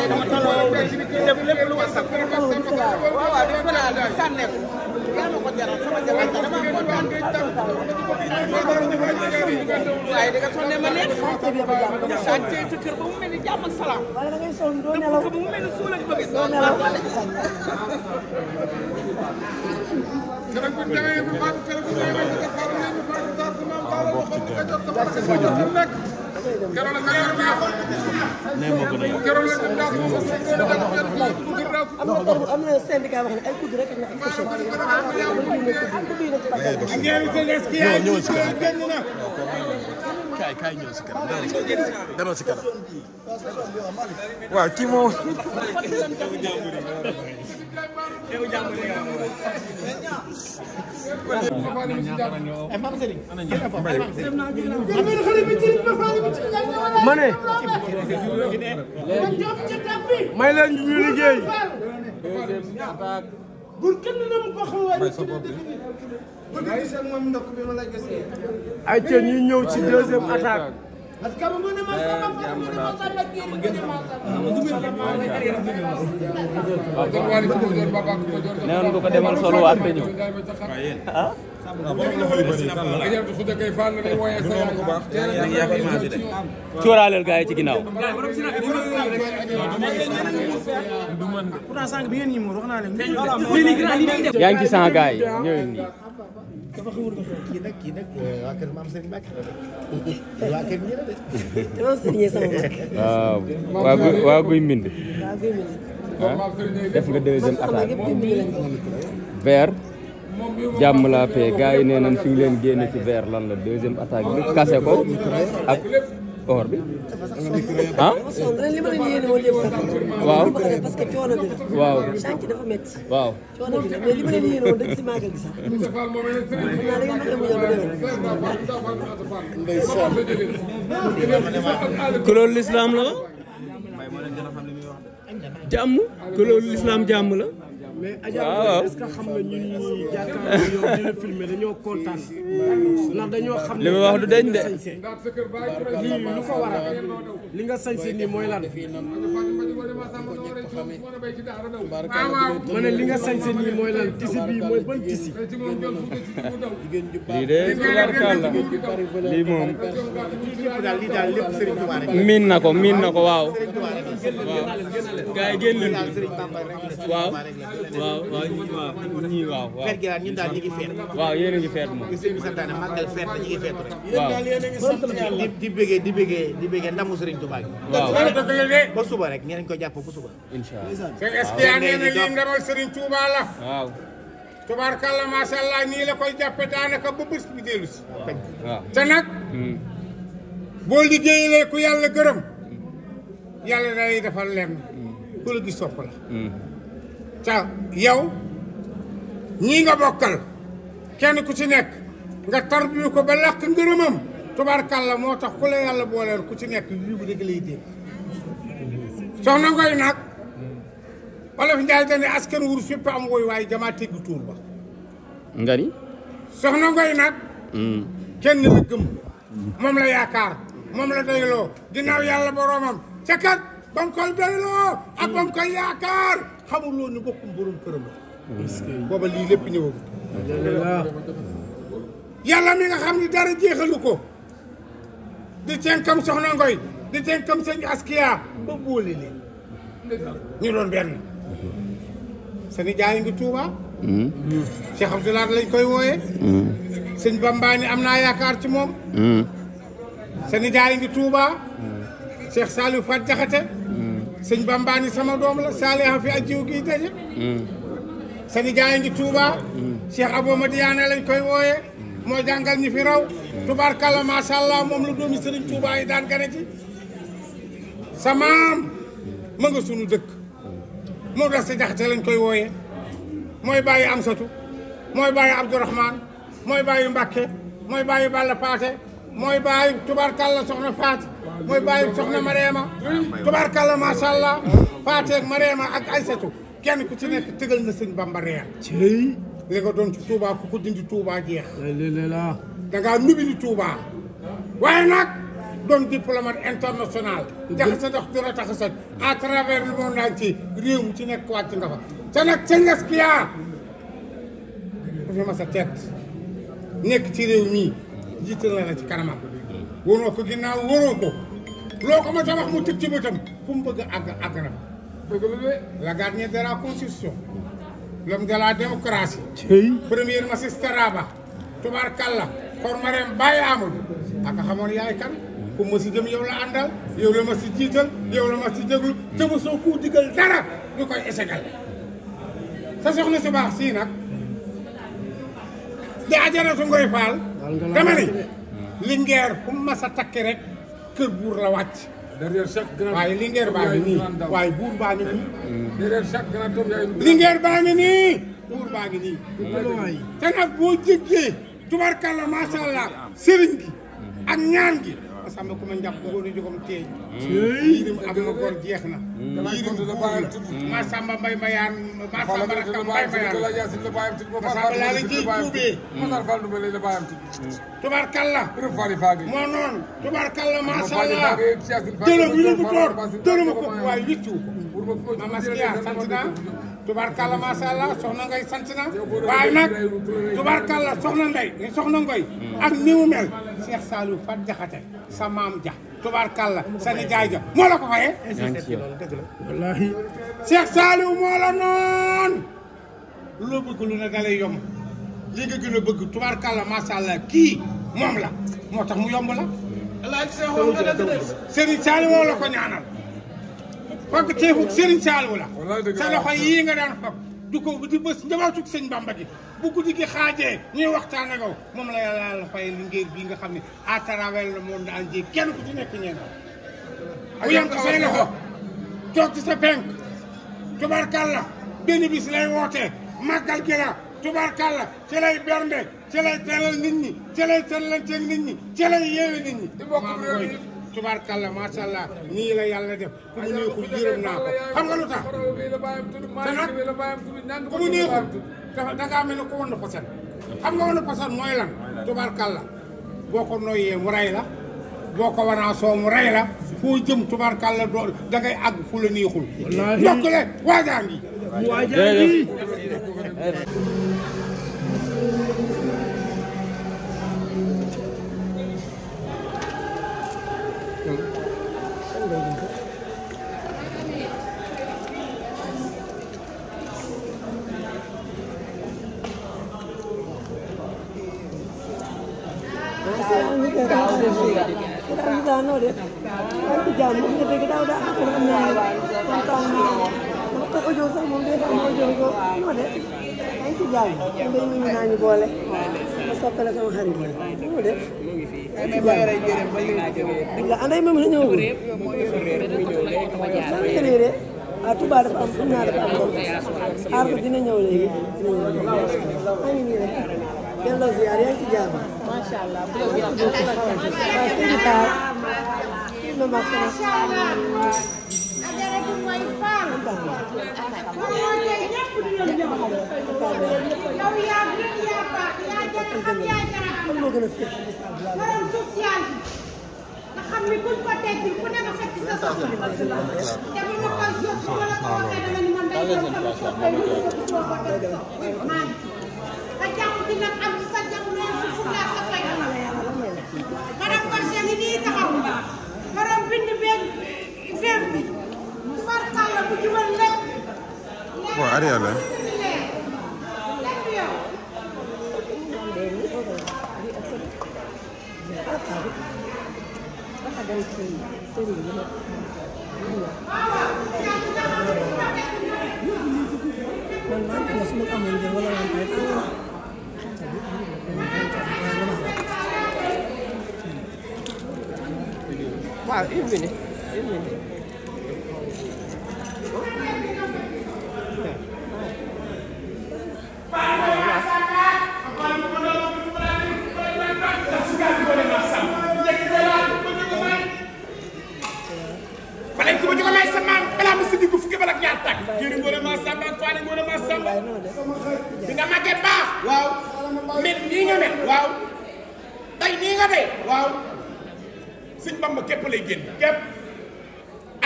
def lépp lu ma sax waaw waaw def naa def sànneeku yaa ma ko jaral sama jaral te dama kontaan waaye da nga sonne ma ne sànce sa kër ba mu mel ni jàmm ak salaam waaye da ngay sonn doo nelaw ba mu mel ni suul ak bëgg doo nelaw waaw bokk ci keroog la nga yor am na syndicat wax ne ay kudd rek ak ay couche yi dama si kanam waaw kii moom ma ne. may leen ñu liggéey. ay ca ñu ñëw ci deuxième attaque. parce que amuñu ne man eh, sama fan amuñu ne man sama kii amuñu ne man sama. nee nga ko demal solo waat te ñëw. ah. cooraaleel gars yi ci ginnaaw. yaa ngi ci 100 gars yi ñëw nii. kii nag euh, waa guy waa guy mbind. Ah? nga deuxième attaque. vers jàmm laa fee gars yi nee nañ fi ci vers lan la deuxième attaque bi kase ko ak. koor bi ah waaw waaw waaw kuloolu lislaam la jàmm kuloolu lislaam jàmm la mais Adja ah, est-ce que xam nga ñun ñi jàkkaarloo yow ñu la filmé dañoo kontaan ndax dañoo xam ne li ma wax du dañ de lii lu ko waral li nga sañse nii mooy lan ma ne li nga sañse nii mooy lan tisi bii mooy ban tisi lii de tubarkalla lii moom miin na ko miin na ko waaw waaw gaay génn waaw waaw waaw ñii waaw waaw. feet gi daal ñun daal ñu ngi feet. waaw yéen a ngi feet moom. sëñ bi santaane màggal feet la ñu ngi feet rek. waaw di di bëggee di bëggee di bëggee ndamu Sëriñ Tuubaa gi. waaw ba suba rek ngeen ko jàpp ba suba. incha allah waaw est-ce que yaa nee na lii ndamal Sëriñ Tuubaa la. waaw. tubaarkàlla macha allah nii la koy jàppe daanaka ba bés bi dellu si. waaw te nag. Hmm. boo liggéeyalee ku yàlla gërëm. yàlla day defal lenn. Hmm. ku la gis sopp la hmm. te yow ñii nga bokkal kenn ku ci nekk nga tarbiyu ko ba làkk ngërëmam tubarkàlla moo tax ku yàlla booleel ku ci nekk yu bu dëgg lay dégg soxna ngoy nag olof njaay dane askan wur fépp am woy waaye jamaa tegg tuur ba nga ni soxna ngoy nag mm. kenn la moom la yaakaar moom la doyloo ginnaaw yàlla boroomam ca kat koy doyloo ak ba yaakaar xamuloo ni bokkum borom këram la mm. booba lii lépp ñëwagul yàlla mi nga xam ni dara jeexalu ko di cenkam soxna ngoy di cenkam sëñ askiya ba boole leen ñu doon benn sëñ jaay ngi Tuuba mm. Cheikh Abdoulaye lañ koy wooyee mm. sëñ Bambaani am naa yaakaar ci moom sëñ jaay ngi Tuuba Cheikh Saliou Fat Jaxate sëñ Bamba ni sama doom la Saaliha fi ak jiw gi daje. Mm. sani a yi ngi Touba. Mm. Cheikh Abou Madiane lañ koy wooye mm. mooy jàngal ñi fi raw. tubaarkalla macha allah moom la doomi Serigne Touba yi daan gane ci. samaam ma nga sunu dëkk. moo tax sa jaxate lañ koy wooye mooy bàyyi Amsatu mooy bàyyi Abdourahman mooy bàyyi Mbakke mooy bàyyi Balla Paate mooy bàyyi tubaarkalla Soxna Faat mooy bàyyi soxna Mariama tubaarkàlla macha allah Fateeg Mariama ak Aysatu kenn ku ci nekk tëgal na sëñ Bamba reer. cey li doon ci Touba ku ko dindi Touba jeex. la da nubi ni Touba waaye nag doon diplomate international. jaxase ndox dina tax à travers le monde entier réew mu ci nekk wàcc nga fa. te nag Cengiz Kia ku fi mas a nekk ci réew mii jiital na la ci kanamam. waroo ko ginnaaw waroo loo ko ma tabax mu tëj ci bëtam fu mu bëgg a àgg àgg na la gardien de la constitution l'homme de la démocratie premier magistrat Raba tubaarkalla kor marem bàyyi Amadou aka xamoon yaay kan ku ma si jëm yow la àndal yow la ma si jiital yow la ma si jéglu te ma ku digal dara ñu koy ésegal sa soxna si baax sii nag di ajaratu ngoy faal dama ni lingeer fu ma sa takki rek kër la wàcc. derrière chaque grand waaye Linguère baa ngi nii te nag boo jéggee tubarkalla macha allah sëriñ ak ñaan gi. sàmm ku ma njàpp góor ñu jogom teeñ yirim am na góor jeex na yirim ma sàmba mbay mbayaan ma sàmba rakkam mbay mbayaan ma sàmba laa la jëy tuubee tubaarkalla moo noonu tubaarkalla ma sha Allah dërëm yi la bu toor dërëm ko waaye wiccu ma maskiya sant naa tubarkalla macha allah soxna Ngoy sant na waaye nag tubarkalla soxna Ndey ni soxna Ngoy hmm. ak ni mel Cheikh Saliou Fat Jaxate sa maam ja tubarkalla sa nijaay ja moo la ko fayee wallaahi Cheikh moo la noon loo bëgg lu ne dalay yomb li nga gën a bëgg tubarkalla macha allah kii moom la moo tax mu yomb la Serigne Saliou moo la ko ñaanal fagg teefug Serigne Saliou la sa loxo yii nga daan fab du ko di bës njabootug sëñ Bamba gi bu guddi gi xaajee ñuy waxtaan ak moom la yàlla yàlla fay liggéey bii nga xam ne a travers le monde entier kenn ku ci nekk ñeen bu yem ci say loxo toog ci sa penk tubarkalla benn bis lay wootee màggal gi la tubarkalla ci lay bernde ci lay teral nit ñi ci lay teralanteeg nit ñi ci lay yeewe nit ñi tubaarkalla macha allah nii la yàlla def ku mu neexul yërëm naa ko xam nga lu tax te ku mu neexul dafa dangaa mel ne ku wan posan xam nga wan posan mooy lan tubaarkalla boo ko noyyee mu rey la boo ko wanaa soo mu rey la foo jëm tubaarkalla dool dangay àgg fu la neexul ndokkale waajaangi waajaangi kontaanoo de ak jàmm moom nga dégg daaw daa amoon am naa ne kontaan naa ne te audio sax moom day xam audio ko noo de ay ci jàmm mbay mi ñu naa ñu boole ma soppe la sama xarit la noo de ay ci jàmm la anday moom la ñëwagul sax nga nii de ah Touba dafa am xam naa dafa am aar ko dina ñëw léegi dina ñëw léegi maa ngi nii rek delloo ziar yaa ngi ci jàmm. macha allah bu la gërëm bu la gërëm. waaw sëñ Paar. kii na ma sama. nga xam ni buñ ko teggee ku nekk fekk sa soxla. te bu ma ko jox wala ko waxee dama ni man day jox sama soxla yi ñu ko jox ko teg soxla maa ngi ci. dina am sa jàmm loolu si fulla sa fay la madame Barché ngi nii taxaw borom bind beeg feef bi tubarkàlla bu jubal lépp. waaw Ariel la. waaw une minute une minute. dinga màggee baax waaw mel nii nga mel waaw day nii nga day waaw sëñ Bamba képp lay génn képp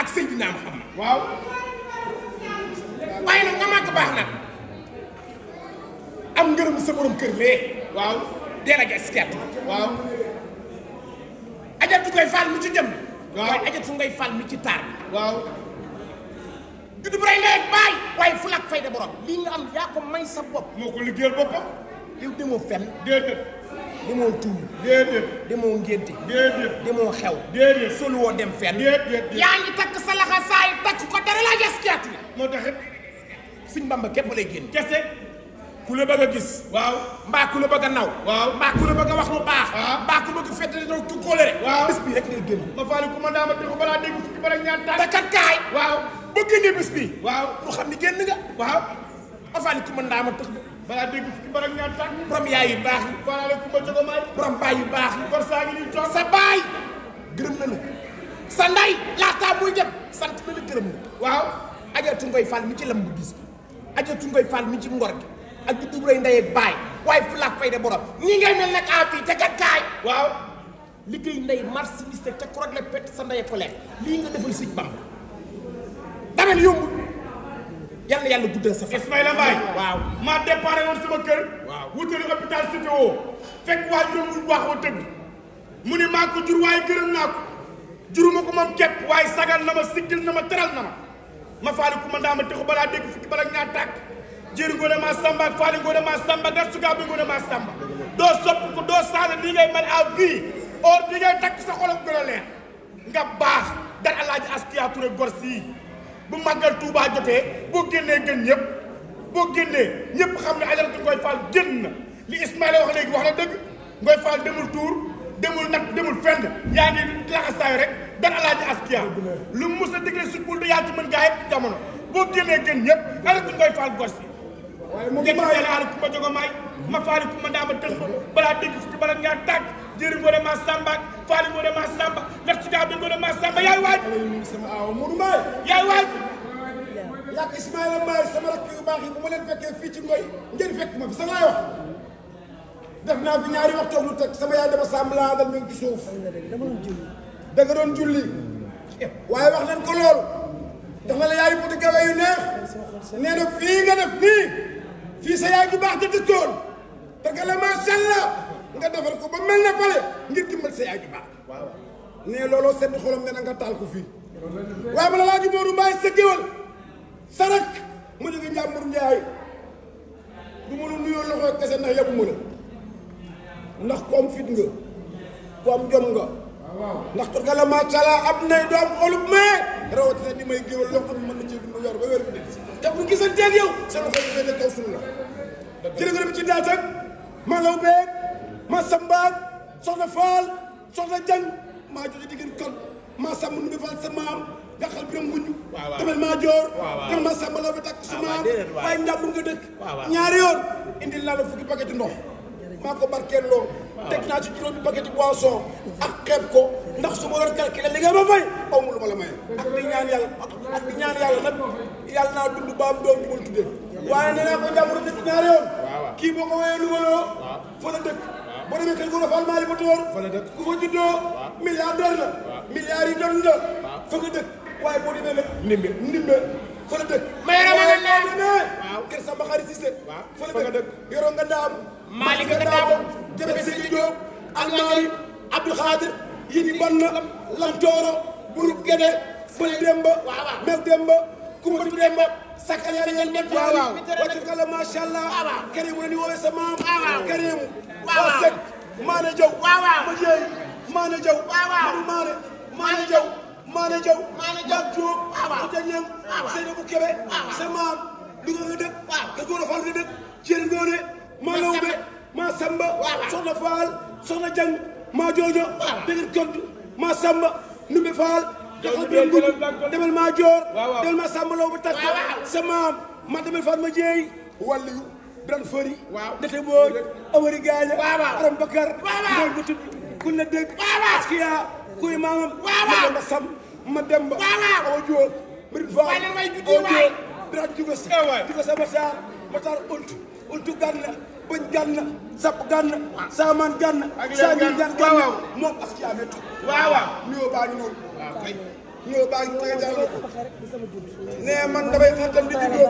ak sëñ dinaa ma xam na waaw waaye nag amaat baax nag am ngërëm sa borom kër lee waaw dee la gerte waaw ajatu koy faal mi ci jëm waaye ajatu ngay faal mi ci taar waaw juddu bu rey ngay baay waaye fu lak fay de borom lii nga am yaa ko may sa bopp moo ko liggéeyal boppam yow demoo fenn déedéet demoo tuur. déedéet. demoo ngénte. déedéet. demoo xew. déedéet soluwoo dem fenn. déedéet ngi takk sa laxa takk ko dara laa gis keetu la. moo taxit suñ bamba képp lay génn. kese ku la bëgg a gis. waaw mbaa ku la bëgg a naw. waaw mbaa ku la bëgg a wax lu baax. waaw mbaa ku bëgg fett dañoo ku kóolere. waaw bis rek lay génn. ma faali ku ma daa ma dégg bi. balaa dégg fukki barag ñaar tàkk borom yaay yu baax yi faana la borom baay yu baax yi kor sa baay gërëm na la sa nday laataa muy dem sant na la gërëm na waaw ajatu ngoy fall mi ci lamb bis bi ajatu ngoy fall mi ci ngor gi ak di dubray ndey ak baay waaye fulaak fay de borom ñi ngay mel nag en fii te gàttaay waaw liggéey ndey marchandise te korog la pet sa ndey ko lii nga defal sëñ Bamba damel yombul yàlla yàlla guddal sa fan. Ismaïla Mbaye waaw maa déparé woon sama fekk waa juróom bu baax mu ne maa ko jur waaye gërëm naa ko juruma ko moom képp waaye sagal na ma sikkil na ma teral na ma ma faali ku ma ndaa ma texu balaa dégg fukki bala ñaar tàkk jëri ngoo ne maa samba ak faali ngoo ne maa samba garsugaa bi ngoo ne maa samba doo sopp ko doo saana nii ngay mel aw bii or bi ngay takk sa xolom gën a leer nga baax dal alaaji askiya Touré gor bu màggal Touba jotee boo génnee gën ñëpp boo génnee ñëpp xam ne Ajaratu Ngoy Fall génn na li Ismaïla wax léegi wax na dëgg Ngoy Fall demul tuur demul nag demul fenn yaa ngi laxasaayu rek dan alaaji askiya lu mu mës a dégle sukul da yaa ci mën gaa yëpp jamono boo génnee gën ñëpp Ajaratu Ngoy Fall gos yi waaye moom maa ngi leen ku ma jogo maay ma faali ku ma ndaama tënk balaa dégg fukki bala ngaa tàkk jëri ngoo dama samba faali ngoo dama samba ndax ci daa bi dama samba yaay waaj sama aaw yaay waaj yàgg Ismaïla Mbaye sama rakk yu baax yi bu ma leen fekkee fii ci ngoy ngeen fekk ma fi sa laay wax def naa fi ñaari waxtu lu teg sama yaay dama sàmm laa dal mi ngi ci da nga doon julli waaye wax leen ko loolu la yaay buti gawe yu neex nee fii nga def fii sa yaay bu baax da dëkkoon te ga la macha nga defar ko ba mel ne pale ngir dimbal say aju ne looloo sedd xolam ne na taal ko fii waaye bala laa ji Moodu Mbaay sa géwal sa rak mu njaay du ma la nuyoo loxo kese ndax yóbbu ma la ndax ku am fit nga ku am jom nga ndax turka la macha allah am nay doom xolub mee rawatina di may géwal loo xam yow sa ma law bee ma sambaag soxna faal soxna jang maa joxe diggéen kon maa sàmm nu faal sa maam jaxal biram guñu damel maa joor damel maa sàmm la ba tàkk su maam waaye njàmbur nga dëkk ñaari yoon indi laa la fukki paquet ndox maa ko barkeel loo teg naa ci juróomi paquet boisson ak xeeb ko ndax su a war calculer li nga ma fay aw ma lu ma la maye ak di ñaan yàlla ak di ñaan yàlla nag yàlla baam doom bi mu tuddee waaye nee naa ko njàmbur dëkk ñaari yoon kii boo ko woyee boo demee kër Gora Fall Mali ba Tóor fa la dëkk ku fa juddoo milliardaire la milliards yi doon waaye boo demee nag ndimbe ndimbe fa la dëkk ma yoro ma nga nga ndaam Mali nga ndaam jëbe Seydi Diop Almaayi Abdou Khadir Tooro Burub Gede Bël Demba Mew Demba Kumba Demba Sakal Yari Yal Demba waaw waaw kala macha allah ni woowee sa maam Karim waaw waaw Seck Maane Jaw waaw ma jeey Maane Jaw waaw waaw manu Maane Maane Jaw Maane Jaw Maane Jaw Diop ma teg ñam maam Louga nga dëkk kër Gora Fall nga dëkk Jéeri Ngoone ma Lawbe ma Samba soxna Fall soxna Jang ma Joojo dégg kont ma Samba Numbe Fall daxal bi mbuj demal ma Joor demal ma Samba Lawbe takk sa maam ma demal Fall ma jeey wàllu Birane Fori. waaw Ndete Mbooj. Amari Gaaña. waaw waaw Aram Bakar. waaw waaw ñoom ñu kun la dégg. waaw waaw parce que yaa kuy maamam. waaw waaw ma sam ma dem ba. waaw waaw Ojo. Mbir Faw waay lan waay ju dee waay Ojo. Birane Juga Si. waay Juga Sa Matar. Matar Oltu. Oltu Gànna. Bëñ Gànna. Sap Gànna. waaw Saamaan Gànna. ak léegi Gànna waaw waaw moom parce que yaa métti. waaw waaw nuyoo baa ngi noonu. waaw kay. nuyoo baa ngi tege jàll. nee man damay xantam di juddoo.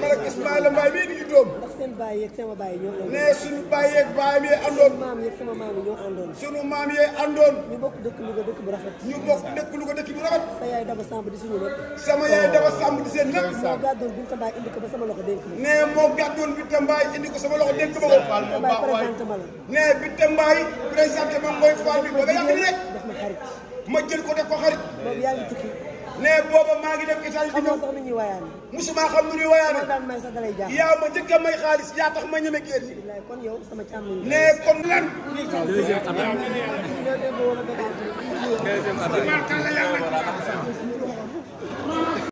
man ak Ismaïla Mbaye mii di doom. ndax seen baay yeeg sama baay ñoo àndoon. mais suñu baay yeeg baayam yee àndoon. suñu maam yeeg sama maam ñoo àndoon. suñu maam yee àndoon. ñu bokk dëkk Louga dëkk bu rafet. ñu bokk dëkk Louga dëkk bu rafet. sa yaay Daba Samb di suñu lépp. sama yaay Daba Samb di seen lépp. moo gàddoon bi Binta Mbaye indi ko ba sama loxo dénk ma. nee moo gàddoon Binta Mbaye indi ko sama loxo dénk ma ko. Binta Mbaye présenté ma la. nee Binta Mbaye présenté ma mooy Fall bi ba nga yàgg ni rek. def ma xarit ma jël ko def ko xarit. boobu yaa ngi tukki ne booba maa ngi dem Italie di ñëw xam nga wayaane. xam nu ñuy wayaane. man daan may sax dalay jaaxal. yaa ma njëkk a may xaalis yaa tax ma ñeme kër yi. kon yow sama càmm yi. ne kon lan. deuxième attaque.